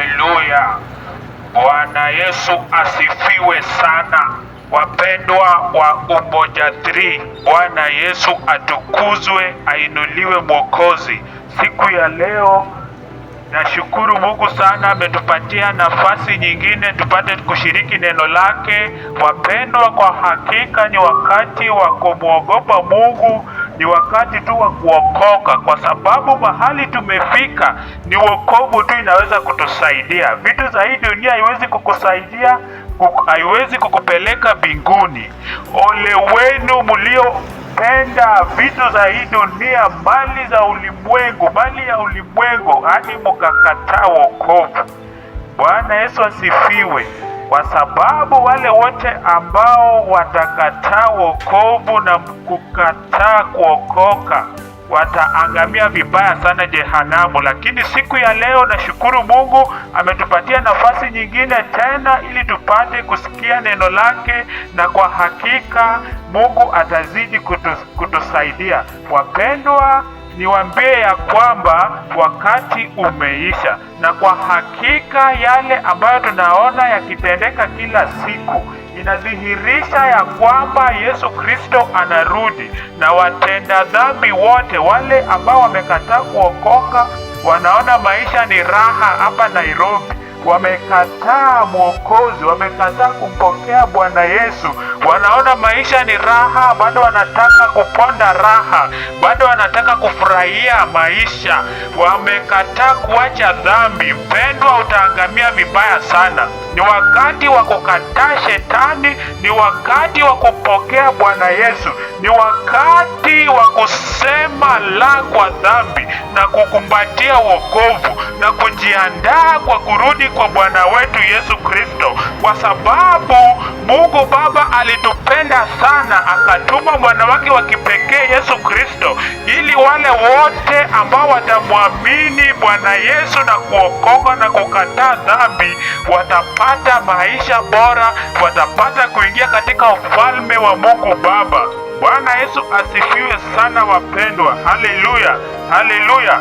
Haleluya, Bwana Yesu asifiwe sana. Wapendwa wa Umoja 3, Bwana Yesu atukuzwe, ainuliwe Mwokozi. Siku ya leo nashukuru Mungu sana, ametupatia nafasi nyingine tupate kushiriki neno lake. Wapendwa, kwa hakika ni wakati wa kumwogopa Mungu ni wakati tu wa kuokoka, kwa sababu mahali tumefika ni wokovu tu inaweza kutusaidia. Vitu za hii dunia haiwezi kukusaidia, haiwezi kukupeleka mbinguni. Ole wenu mlio penda vitu za hii dunia, mali za ulimwengu, mali ya ulimwengu, hadi mukakataa wokovu. Bwana Yesu asifiwe kwa sababu wale wote ambao watakataa wokovu na kukataa kuokoka wataangamia vibaya sana jehanamu. Lakini siku ya leo nashukuru Mungu ametupatia nafasi nyingine tena ili tupate kusikia neno lake, na kwa hakika Mungu atazidi kutus, kutusaidia wapendwa niwaambie ya kwamba wakati umeisha, na kwa hakika yale ambayo tunaona yakitendeka kila siku inadhihirisha ya kwamba Yesu Kristo anarudi, na watenda dhambi wote wale ambao wamekataa kuokoka wanaona maisha ni raha hapa Nairobi wamekataa Mwokozi, wamekataa kumpokea Bwana Yesu. Wanaona maisha ni raha, bado wanataka kuponda raha, bado wanataka kufurahia maisha, wamekataa kuacha dhambi. Mpendwa, utaangamia vibaya sana. Ni wakati wa kukataa shetani, ni wakati wa kupokea Bwana Yesu, ni wakati wa kusema la kwa dhambi na kukumbatia wokovu na kujiandaa kwa kurudi kwa Bwana wetu Yesu Kristo, kwa sababu Mungu Baba alitupenda sana akatuma mwana wake wa kipekee Yesu Kristo, ili wale wote ambao watamwamini Bwana Yesu na kuokoka na kukataa dhambi watapata maisha bora, watapata kuingia katika ufalme wa Mungu Baba. Bwana Yesu asifiwe sana wapendwa. Haleluya, haleluya.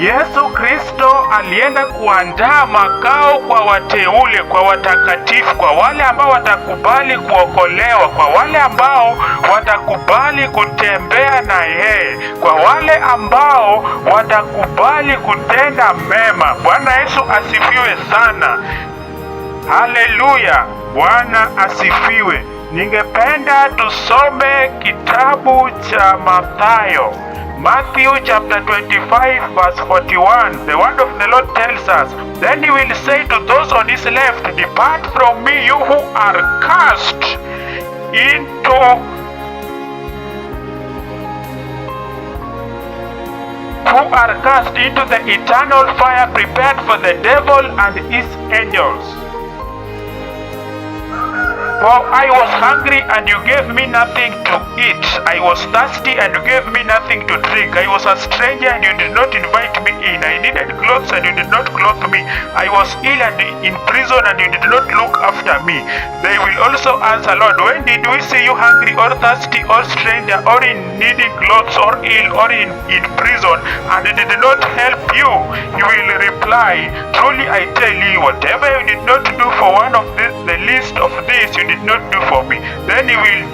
Yesu Kristo alienda kuandaa makao kwa wateule, kwa watakatifu, kwa wale ambao watakubali kuokolewa, kwa wale ambao watakubali kutembea na yeye, kwa wale ambao watakubali kutenda mema. Bwana Yesu asifiwe sana. Haleluya, Bwana asifiwe. Ningependa tusome kitabu cha Mathayo Matthew chapter 25 verse 41, the word of the Lord tells us, Then he will say to those on his left, Depart from me, you who are cast into who are cast into the eternal fire prepared for the devil and his angels. For I was hungry and you gave me nothing to eat. I was thirsty and you gave me nothing to drink. I was a stranger and you did not invite me in. I needed clothes and you did not clothe me. I was ill and in prison and you did not look after me. They will also answer, Lord, when did we see you hungry or thirsty or stranger or in needing clothes or ill or in, in prison and it did not help you? You will reply, Truly I tell you, whatever you did not do for one of this, the least of these, you did not do for me, then, will,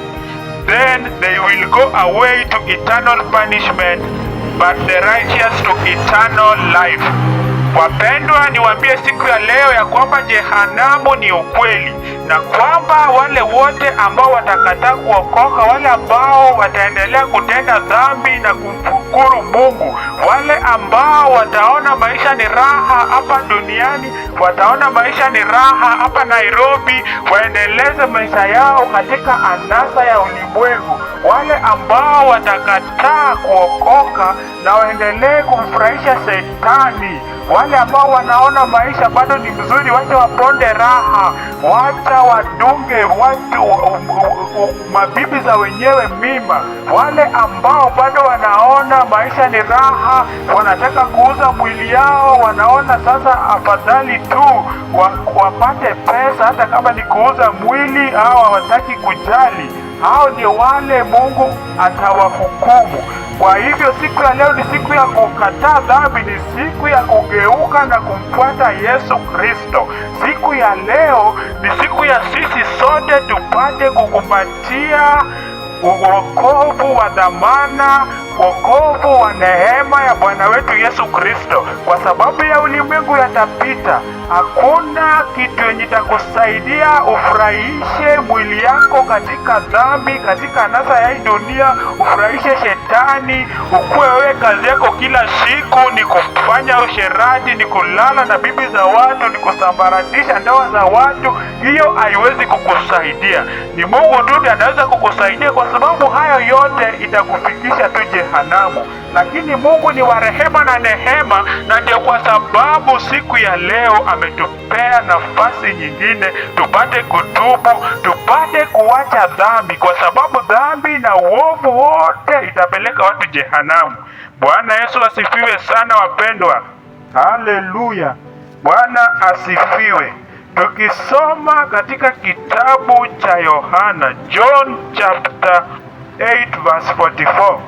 then they will go away to eternal punishment, but the righteous to eternal life. Wapendwa, niwaambie siku ya leo ya kwamba jehanamu ni ukweli na kwamba wale wote ambao watakataa kuokoka, wale ambao wataendelea kutenda dhambi na kumfukuru Mungu, wale ambao wataona maisha ni raha hapa duniani, wataona maisha ni raha hapa Nairobi, waendeleze maisha yao katika anasa ya ulimwengu, wale ambao watakataa kuokoka na waendelee kumfurahisha Shetani. Wale ambao wanaona maisha bado ni mzuri, wacha waponde raha, wacha wadunge watu mabibi za wenyewe mimba. Wale ambao bado wanaona maisha ni raha, wanataka kuuza mwili yao, wanaona sasa afadhali tu wapate pesa, hata kama ni kuuza mwili au hawataki kujali. Hao ni wale Mungu atawahukumu. Kwa hivyo siku ya leo ni siku ya kukataa dhambi, ni siku ya kugeuka na kumfuata Yesu Kristo. Siku ya leo ni siku ya sisi sote tupate kukupatia uokovu wa dhamana wokovu wa neema ya Bwana wetu Yesu Kristo, kwa sababu ya ulimwengu yatapita. Hakuna kitu yenye takusaidia ufurahishe mwili yako katika dhambi, katika anasa ya hii dunia, ufurahishe shetani, ukuwe wewe kazi yako kila siku ni kufanya usherati, ni kulala na bibi za watu, ni kusambaratisha ndoa za watu. Hiyo haiwezi kukusaidia, ni Mungu tu ndiye anaweza kukusaidia, kwa sababu hayo yote itakufikisha tu jehanamu, lakini Mungu ni wa rehema na nehema, na ndio kwa sababu siku ya leo ametupea nafasi nyingine tupate kutubu, tupate kuwacha dhambi, kwa sababu dhambi na uovu wote itapeleka watu jehanamu. Bwana Yesu asifiwe sana wapendwa, haleluya! Bwana asifiwe. Tukisoma katika kitabu cha Yohana John chapter 8 verse 44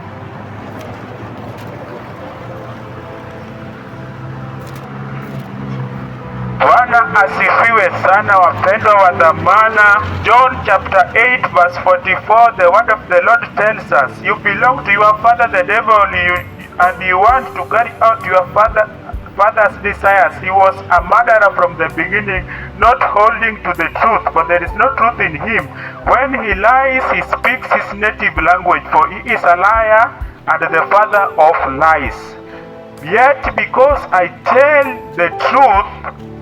Bwana asifiwe sana wapendwa wa dhamana. John chapter 8 verse 44, the word of the Lord tells us, you belong to your father the devil you, and you want to carry out your father father's desires. He was a murderer from the beginning, not holding to the truth, for there is no truth in him. When he lies, he speaks his native language, for he is a liar and the father of lies. Yet because I tell the truth,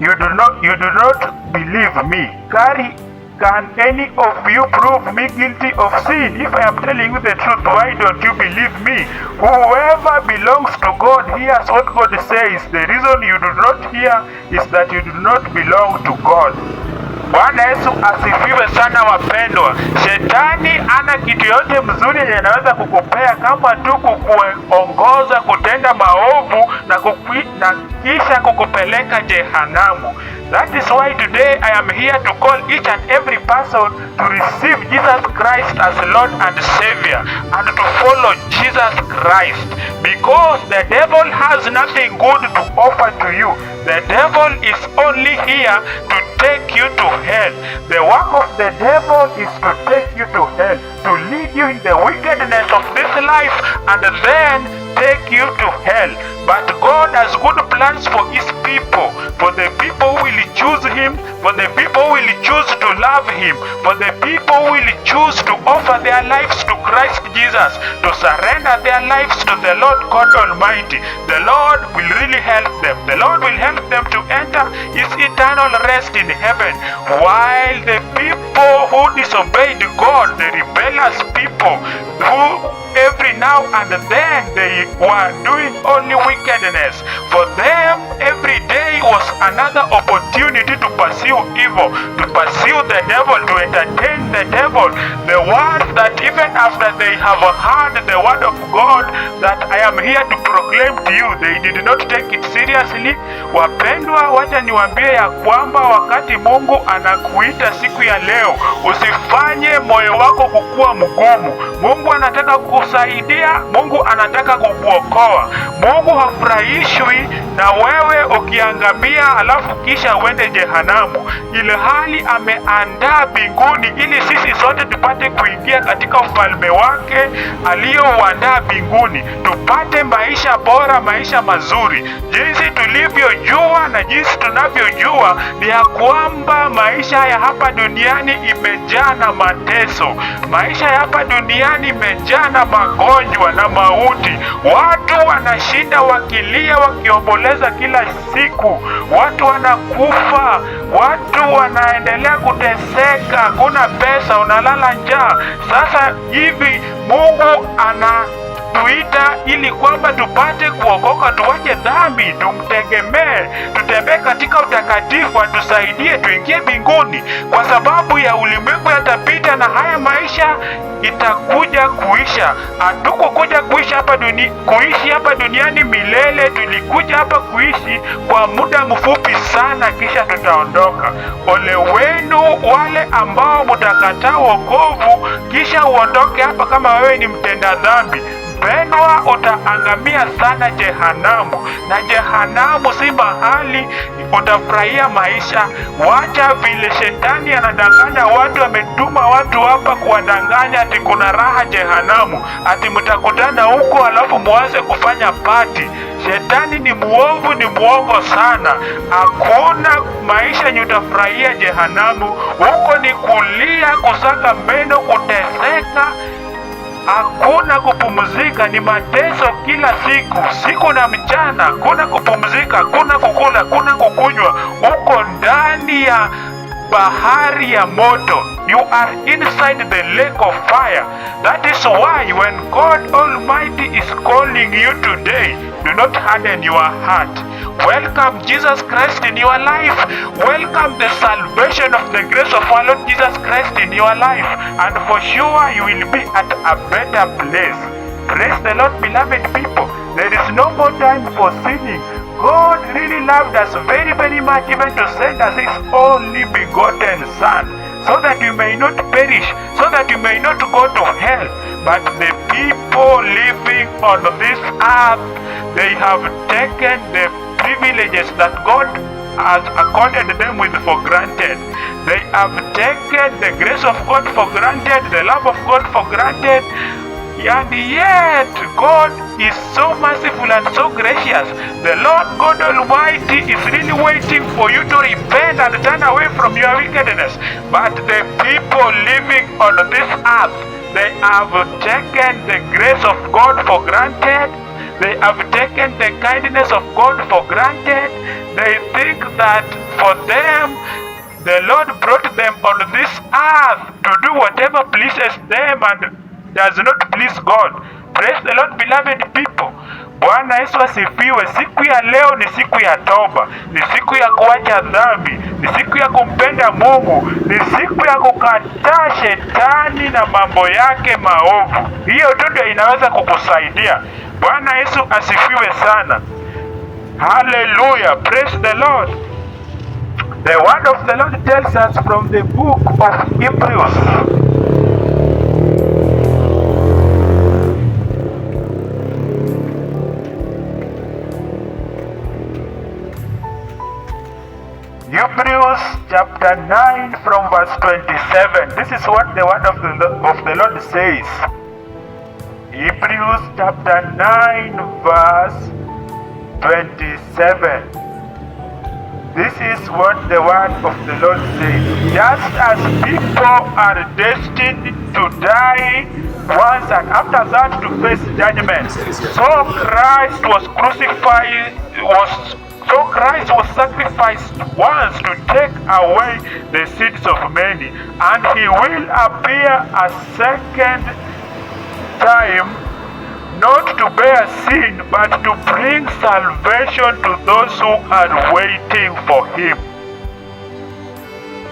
You do not, you do not believe me. Carry, can any of you prove me guilty of sin? If I am telling you the truth, why don't you believe me? Whoever belongs to God hears what God says. The reason you do not hear is that you do not belong to God. Bwana Yesu asifiwe sana wapendwa. Shetani ana kitu yote mzuri yenye anaweza kukupea kama tu kukuongoza kutenda maovu na, kuku, na kisha kukupeleka jehanamu. That is why today I am here to call each and every person to receive Jesus Christ as Lord and Savior and to follow Jesus Christ because the devil has nothing good to offer to you. The devil is only here to take you to hell. The work of the devil is to take you to hell, to lead you in the wickedness of this life and then take you to hell. But God has good plans for his people, for the people who will choose him, for the people who will choose to love him, for the people who will choose to offer their lives to Christ Jesus, to surrender their lives to the Lord God Almighty. The Lord will really help them. The Lord will help them to enter his eternal rest in heaven. While the people who disobeyed God, the rebellious people, who every now and then they were doing only wicked wickedness. For them, every day was another opportunity to pursue evil, to pursue the devil, to entertain the devil. The word that even after they have heard the word of God, that am here to proclaim to you they did not take it seriously. Wapendwa, wacha niwaambie ya kwamba wakati Mungu anakuita siku ya leo, usifanye moyo wako kukuwa mgumu. Mungu anataka kukusaidia, Mungu anataka kukuokoa. Mungu hafurahishwi na wewe ukiangamia, alafu kisha uende jehanamu, ile hali ameandaa mbinguni ili sisi sote tupate kuingia katika ufalme wake aliyouandaa mbinguni Tupa tupate maisha bora, maisha mazuri. Jinsi tulivyojua na jinsi tunavyojua ni ya kwamba maisha ya hapa duniani imejaa na mateso, maisha ya hapa duniani imejaa na magonjwa na mauti. Watu wanashinda wakilia, wakiomboleza kila siku, watu wanakufa, watu wanaendelea kuteseka, hakuna pesa, unalala njaa. Sasa hivi Mungu ana tuita ili kwamba tupate kuokoka, tuwache dhambi, tumtegemee, tutembee katika utakatifu, atusaidie tuingie mbinguni, kwa sababu ya ulimwengu yatapita na haya maisha itakuja kuisha. Hatukukuja kuisha hapa duni, kuishi hapa duniani milele. Tulikuja hapa kuishi kwa muda mfupi sana, kisha tutaondoka. Ole wenu wale ambao mutakataa wokovu kisha uondoke hapa kama wewe ni mtenda dhambi mpendwa, utaangamia sana jehanamu, na jehanamu si mahali utafurahia maisha. Wacha vile shetani anadanganya watu, ametuma watu hapa kuwadanganya ati kuna raha jehanamu, ati mtakutana huko alafu mwanze kufanya pati. Shetani ni mwovu ni muongo sana. Hakuna maisha yenye utafurahia jehanamu, huko ni kulia, kusaka meno, kuteseka hakuna kupumzika, ni mateso kila siku, siku na mchana. Kuna kupumzika, kuna kukula, kuna kukunywa, uko ndani ya bahari ya moto. You are inside the lake of fire. That is why when God Almighty is calling you today, do not harden your heart. Welcome Jesus Christ in your life. Welcome the salvation of the grace of our Lord Jesus Christ in your life. And for sure you will be at a better place. Praise the Lord, beloved people. There is no more time for sinning. God really loved us very, very much, even to send us His only begotten Son, so that you may not perish, so that you may not go to hell. But the people living on this earth, they have taken the privileges that God has accorded them with for granted. They have taken the grace of God for granted, the love of God for granted. And yet God is so merciful and so gracious. The Lord God Almighty is really waiting for you to repent and turn away from your wickedness. But the people living on this earth, they have taken the grace of God for granted. They have taken the kindness of God for granted. They think that for them, the Lord brought them on this earth to do whatever pleases them and does not please God. Praise the Lord beloved people. Bwana Yesu asifiwe. Siku ya leo ni siku ya toba, ni siku ya kuacha dhambi, ni siku ya kumpenda Mungu, ni siku ya kukataa shetani na mambo yake maovu. Hiyo tu ndio inaweza kukusaidia. Bwana Yesu asifiwe sana. Hallelujah. Praise the Lord. The word of the Lord tells us from the book of Hebrews chapter 9 from verse 27. This is what the word of the, of the Lord says. Hebrews chapter 9 verse 27. This is what the word of the Lord says. Just as people are destined to die once and after that to face judgment, so Christ was crucified, was So Christ was sacrificed once to take away the sins of many, and he will appear a second time, not to bear sin, but to bring salvation to those who are waiting for him.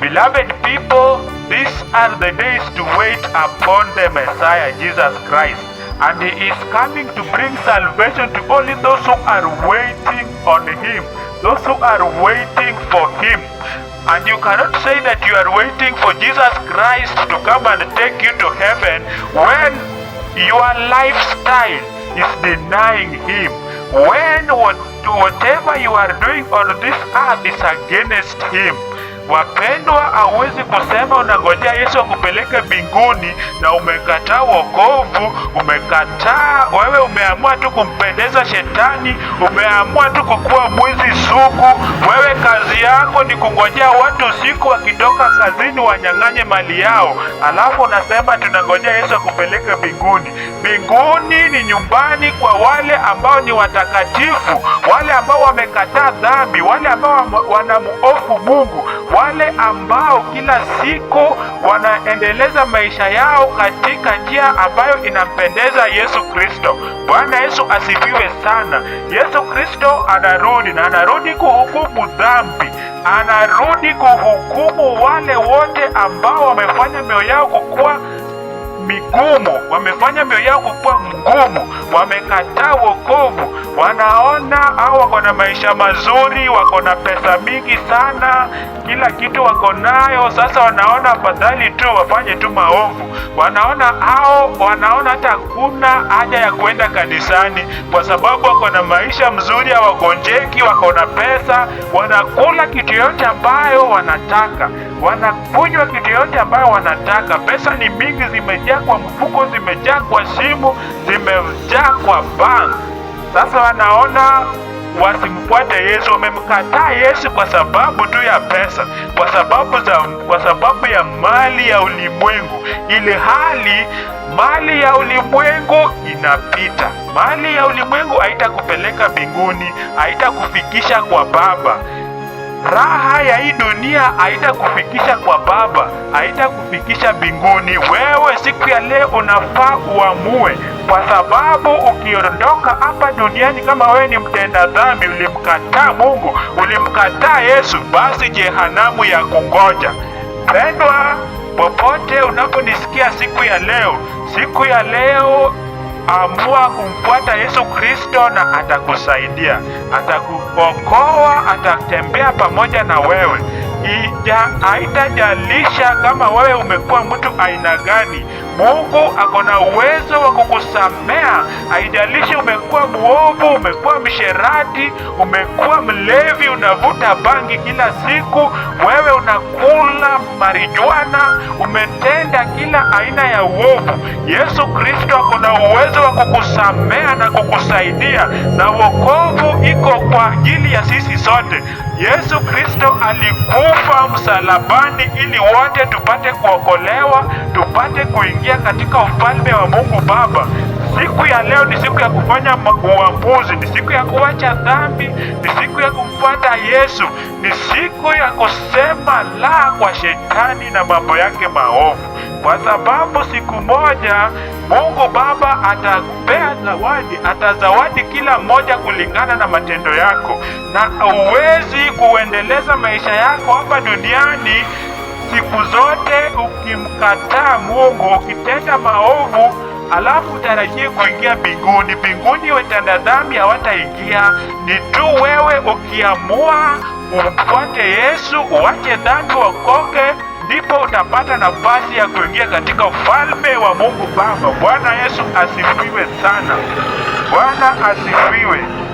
Beloved people, these are the days to wait upon the Messiah, Jesus Christ and he is coming to bring salvation to only those who are waiting on him, those who are waiting for him. And you cannot say that you are waiting for Jesus Christ to come and take you to heaven when your lifestyle is denying him When whatever you are doing on this earth is against him. Wapendwa, hauwezi kusema unangojea Yesu akupeleke mbinguni na umekataa wokovu, umekataa wewe, umeamua tu kumpendeza Shetani, umeamua tu kukuwa mwizi suku Wewe kazi yako ni kungojea watu usiku wakitoka kazini wanyang'anye mali yao, alafu unasema tunangojea Yesu akupeleke mbinguni. Mbinguni ni nyumbani kwa wale ambao ni watakatifu, wale ambao wamekataa dhambi, wale ambao wanamuofu Mungu wale ambao kila siku wanaendeleza maisha yao katika njia ambayo inampendeza Yesu Kristo. Bwana Yesu asifiwe sana. Yesu Kristo anarudi na anarudi kuhukumu dhambi, anarudi kuhukumu wale wote ambao wamefanya mioyo yao kukuwa migumu, wamefanya mioyo yao kuwa mgumu, wamekataa wokovu. Wanaona au wako na maisha mazuri, wako na pesa mingi sana, kila kitu wako nayo. Sasa wanaona afadhali tu wafanye tu maovu. Wanaona hao, wanaona hata hakuna haja ya kuenda kanisani kwa sababu wako na maisha mzuri, hawagonjeki, wako na pesa, wanakula kitu yote ambayo wanataka, wanakunywa kitu yote ambayo wanataka, pesa ni mingi, zimejaa zimejaa kwa mfuko, zimejaa kwa shimo, zimejaa kwa bank Sasa wanaona wasimfuate Yesu, wamemkataa Yesu kwa sababu tu ya pesa, kwa sababu za, kwa sababu ya mali ya ulimwengu, ili hali mali ya ulimwengu inapita. Mali ya ulimwengu haitakupeleka mbinguni, haitakufikisha kwa Baba. Raha ya hii dunia haitakufikisha kwa Baba, haitakufikisha mbinguni. Wewe siku ya leo unafaa uamue, kwa sababu ukiondoka hapa duniani kama wewe ni mtenda dhambi, ulimkataa Mungu, ulimkataa Yesu, basi jehanamu ya kungoja. Pendwa, popote unaponisikia siku ya leo, siku ya leo amua kumfuata Yesu Kristo na atakusaidia, atakuokoa, atatembea pamoja na wewe. Haitajalisha kama wewe umekuwa mtu aina gani. Mungu ako na uwezo wa kukusamea. Haijalishi umekuwa mwovu, umekuwa msherati, umekuwa mlevi, unavuta bangi kila siku, wewe unakula marijuana, umetenda kila aina ya uovu, Yesu Kristo ako na uwezo wa kukusamea na kukusaidia, na wokovu iko kwa ajili ya sisi sote. Yesu Kristo alikufa msalabani ili wote tupate kuokolewa, tupate kuingia kuingia katika ufalme wa Mungu Baba. Siku ya leo ni siku ya kufanya uamuzi, ni siku ya kuacha dhambi, ni siku ya kumfuata Yesu, ni siku ya kusema la kwa shetani na mambo yake maovu, kwa sababu siku moja Mungu Baba atakupea zawadi, atazawadi kila mmoja kulingana na matendo yako, na huwezi kuendeleza maisha yako hapa duniani Siku zote ukimkataa Mungu, ukitenda maovu, alafu utarajie kuingia mbinguni, mbinguni watenda dhambi hawataingia. Ni tu wewe ukiamua ufuate Yesu, uache dhambi, wakoke, ndipo utapata nafasi ya kuingia katika ufalme wa Mungu Baba. Bwana Yesu asifiwe sana. Bwana asifiwe.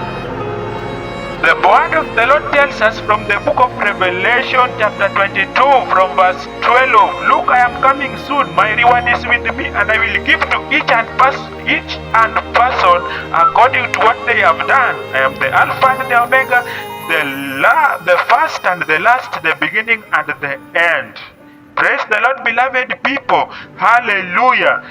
The word of the Lord tells us from the book of Revelation chapter 22 from verse 12, Look, I am coming soon, my reward is with me, and I will give to each and pers- each and person according to what they have done. I am the Alpha and the Omega, the, la- the first and the last, the beginning and the end. Praise the Lord, beloved people. Hallelujah.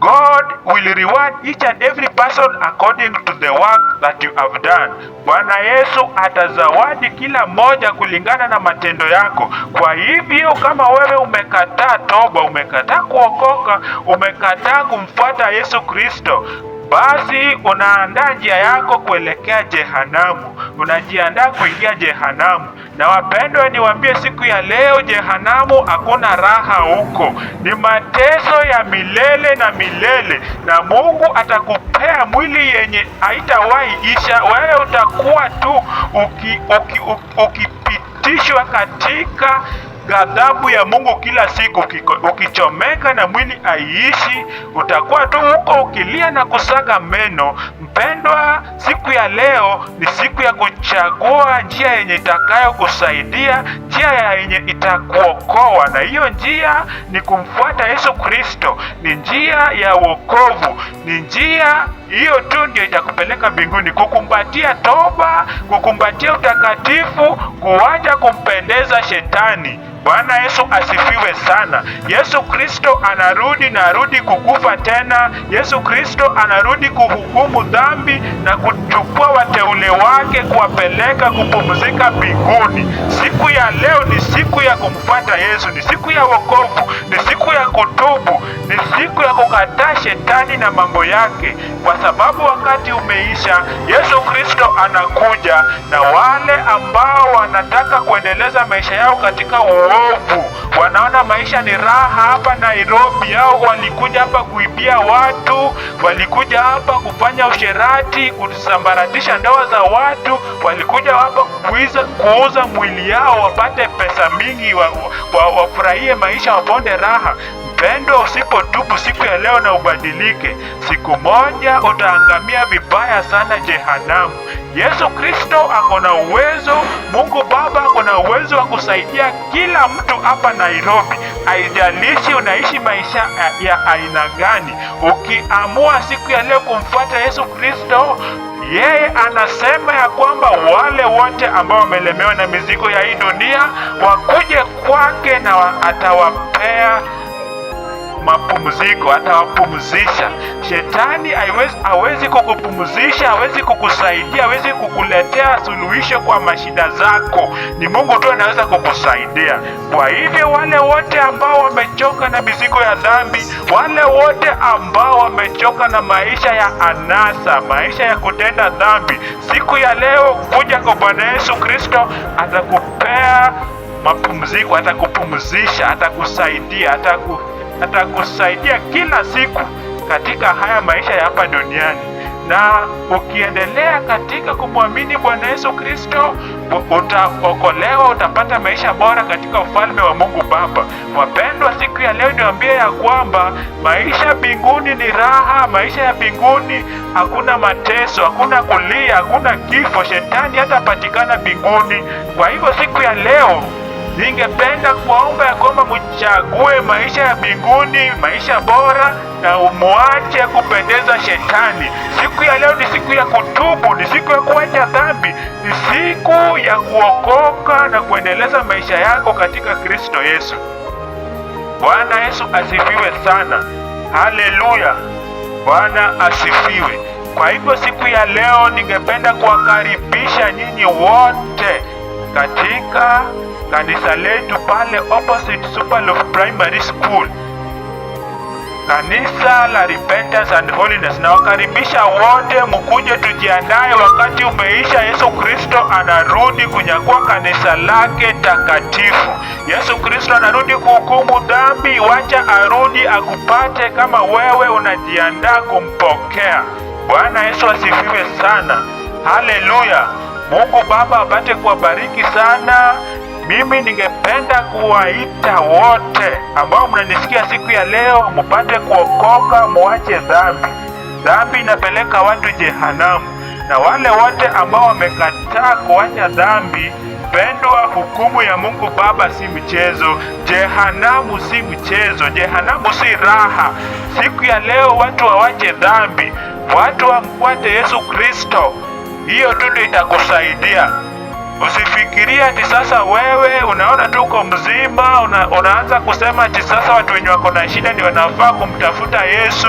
God will reward each and every person according to the work that you have done. Bwana Yesu atazawadi kila mmoja kulingana na matendo yako. Kwa hivyo kama wewe umekataa toba, umekataa kuokoka, umekataa kumfuata Yesu Kristo, basi unaandaa njia yako kuelekea jehanamu, unajiandaa kuingia jehanamu. Na wapendwa, niwaambie siku ya leo, jehanamu hakuna raha huko, ni mateso ya milele na milele, na Mungu atakupea mwili yenye haitawahi isha. Wewe utakuwa tu uki, uki, uki, ukipitishwa katika ghadhabu ya Mungu kila siku. Ukichomeka na mwili aiishi, utakuwa tu huko ukilia na kusaga meno. Mpendwa, siku ya leo ni siku ya kuchagua njia yenye itakayokusaidia, njia yenye itakuokoa, na hiyo njia ni kumfuata Yesu Kristo, ni njia ya wokovu, ni njia hiyo tu ndio itakupeleka mbinguni, kukumbatia toba, kukumbatia utakatifu, kuwacha kumpendeza shetani. Bwana Yesu asifiwe sana. Yesu Kristo anarudi na arudi kukufa tena. Yesu Kristo anarudi kuhukumu dhambi na kuchukua wateule wake kuwapeleka kupumzika mbinguni. Siku ya leo ni siku ya kumfuata Yesu, ni siku ya wokovu, ni siku ya kutubu, ni siku ya kukataa shetani na mambo yake, kwa sababu wakati umeisha. Yesu Kristo anakuja, na wale ambao wanataka kuendeleza maisha yao katika waovu wanaona maisha ni raha hapa Nairobi, au walikuja hapa kuibia watu, walikuja hapa kufanya usherati, kusambaratisha ndoa za watu, walikuja hapa kuiza, kuuza mwili yao wapate pesa mingi, wafurahie wa, wa maisha, waponde raha. Mpendwa, usipotubu siku ya leo na ubadilike, siku moja utaangamia vibaya sana jehanamu. Yesu Kristo ako na uwezo, Mungu Baba ako na uwezo wa kusaidia kila mtu hapa Nairobi, haijalishi unaishi maisha ya aina gani. Ukiamua siku ya leo kumfuata Yesu Kristo, yeye anasema ya kwamba wale wote ambao wamelemewa na mizigo ya hii dunia wakuje kwake na atawapea mapumziko, atawapumzisha. Shetani haiwezi, hawezi kukupumzisha, hawezi kukusaidia, hawezi kukuletea suluhisho kwa mashida zako. Ni Mungu tu anaweza kukusaidia. Kwa hivyo wale wote ambao wamechoka na mizigo ya dhambi, wale wote ambao wamechoka na maisha ya anasa, maisha ya kutenda dhambi, siku ya leo kuja kwa Bwana Yesu Kristo atakupea mapumziko, atakupumzisha, atakusaidia, ataku atakusaidia kila siku katika haya maisha ya hapa duniani, na ukiendelea katika kumwamini Bwana Yesu Kristo utaokolewa, utapata maisha bora katika ufalme wa Mungu Baba. Wapendwa, siku ya leo niwaambie ya kwamba maisha mbinguni ni raha. Maisha ya mbinguni hakuna mateso, hakuna kulia, hakuna kifo, shetani hatapatikana mbinguni. Kwa hivyo siku ya leo ningependa kuwaomba ya kwamba mchague maisha ya mbinguni, maisha bora, na umwache kupendeza shetani. Siku ya leo ni siku ya kutubu, ni siku ya kuacha dhambi, ni siku ya kuokoka na kuendeleza maisha yako katika Kristo Yesu. Bwana Yesu asifiwe sana, haleluya! Bwana asifiwe. Kwa hivyo siku ya leo ningependa kuwakaribisha nyinyi wote katika kanisa letu pale opposite Superloaf Primary School, kanisa la Repentance and Holiness, na wakaribisha wote mkuje tujiandae, wakati umeisha. Yesu Kristo anarudi kunyakua kanisa lake takatifu. Yesu Kristo anarudi kuhukumu dhambi. Wacha arudi akupate kama wewe unajiandaa kumpokea. Bwana Yesu asifiwe sana. Haleluya. Mungu Baba apate kuwabariki sana mimi ningependa kuwaita wote ambao mnanisikia siku ya leo, mupate kuokoka, muache dhambi. Dhambi inapeleka watu jehanamu, na wale wote ambao wamekataa kuwacha dhambi Pendwa, hukumu ya Mungu Baba si mchezo. Jehanamu si mchezo, jehanamu si raha. Siku ya leo watu wawache dhambi, watu wamfuate Yesu Kristo. Hiyo tu ndio itakusaidia. Usifikirie ati sasa wewe unaona tuko mzima una, unaanza kusema ati sasa watu wenye wako na shida ndio wanafaa kumtafuta Yesu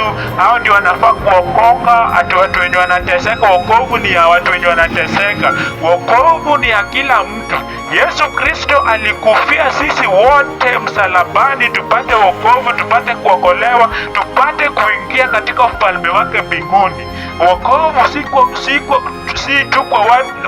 au ndio wanafaa kuokoka, ati watu wenye wanateseka. Wokovu ni ya watu wenye wanateseka, wokovu ni ya kila mtu. Yesu Kristo alikufia sisi wote msalabani tupate wokovu, tupate kuokolewa, tupate kuingia katika ufalme wake mbinguni. Wokovu si tu kwa, si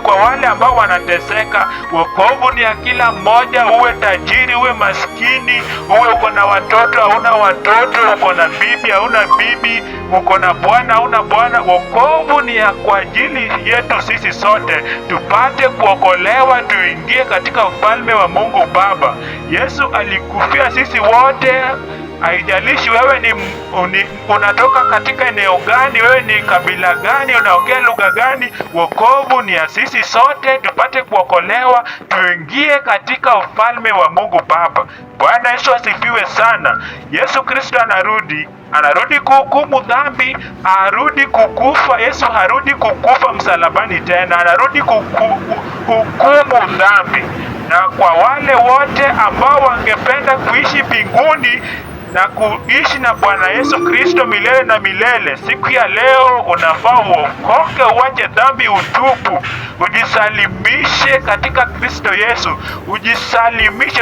kwa wale ambao wanateseka kwa Wokovu ni ya kila mmoja, uwe tajiri, uwe maskini, uwe uko na watoto, hauna watoto, uko na bibi, hauna bibi, uko na bwana, hauna bwana. Wokovu ni ya kwa ajili yetu sisi sote, tupate kuokolewa, tuingie katika ufalme wa Mungu Baba. Yesu alikufia sisi wote Haijalishi wewe ni, ni unatoka katika eneo gani, wewe ni kabila gani, unaongea lugha gani, wokovu ni ya sisi sote, tupate kuokolewa, tuingie katika ufalme wa Mungu Baba. Bwana Yesu asifiwe sana. Yesu Kristo anarudi anarudi kuhukumu dhambi, arudi kukufa. Yesu harudi kukufa msalabani tena, anarudi kuhukumu dhambi. Na kwa wale wote ambao wangependa kuishi mbinguni na kuishi na Bwana Yesu Kristo milele na milele. Siku ya leo unafaa uokoke, uache dhambi, utubu, ujisalimishe katika Kristo Yesu, ujisalimishe,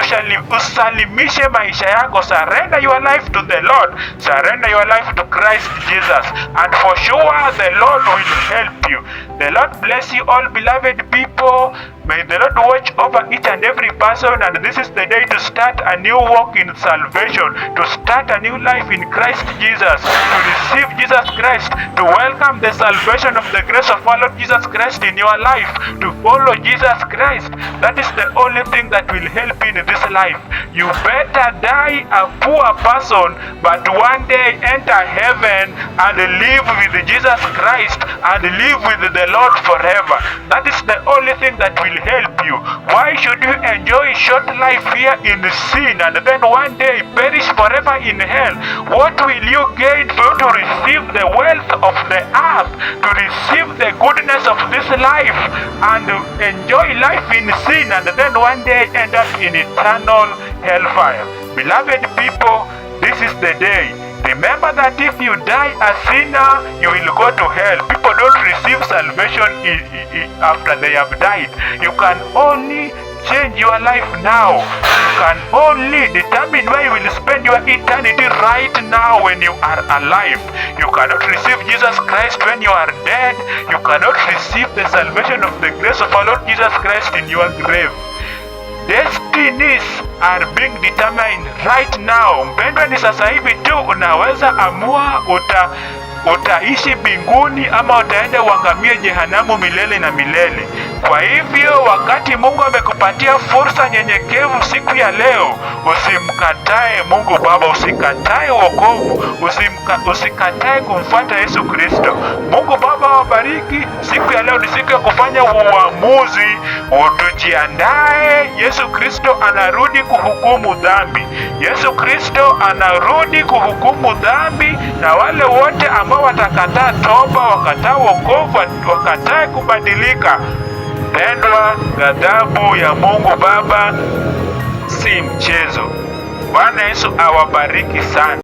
usalimishe maisha yako. Surrender your life to the Lord, surrender your life to Christ Jesus and for sure the Lord will help you. The Lord bless you all beloved people. May the Lord watch over each and every person, and this is the day to start a new walk in salvation, to start a new life in Christ Jesus, to receive Jesus Christ, to welcome the salvation of the grace of our Lord Jesus Christ in your life, to follow Jesus Christ. That is the only thing that will help in this life. You better die a poor person, but one day enter heaven and live with Jesus Christ and live with the Lord forever. That is the only thing that will will help you. Why should you enjoy short life here in sin and then one day perish forever in hell? What will you gain for to receive the wealth of the earth, to receive the goodness of this life, and enjoy life in sin and then one day end up in eternal hellfire? Beloved people, this is the day Remember that if you die a sinner, you will go to hell. People don't receive salvation after they have died. You can only change your life now. You can only determine where you will spend your eternity right now when you are alive. You cannot receive Jesus Christ when you are dead. You cannot receive the salvation of the grace of our Lord Jesus Christ in your grave. Destinies are being determined right now. Mpendwa, ni sasa hivi tu unaweza amua uta utaishi mbinguni ama utaenda uangamie jehanamu milele na milele. Kwa hivyo wakati Mungu amekupatia fursa nyenyekevu siku ya leo, usimkatae Mungu Baba, usikatae wokovu, usikatae kumfuata Yesu Kristo. Mungu Baba awabariki. Siku ya leo ni siku ya kufanya uamuzi, utujiandae. Yesu Kristo anarudi kuhukumu dhambi. Yesu Kristo anarudi kuhukumu dhambi na wale wote ambao watakataa toba, wakataa wokovu, wakataa kubadilika, pendwa, ghadhabu ya Mungu Baba si mchezo. Bwana Yesu awabariki sana.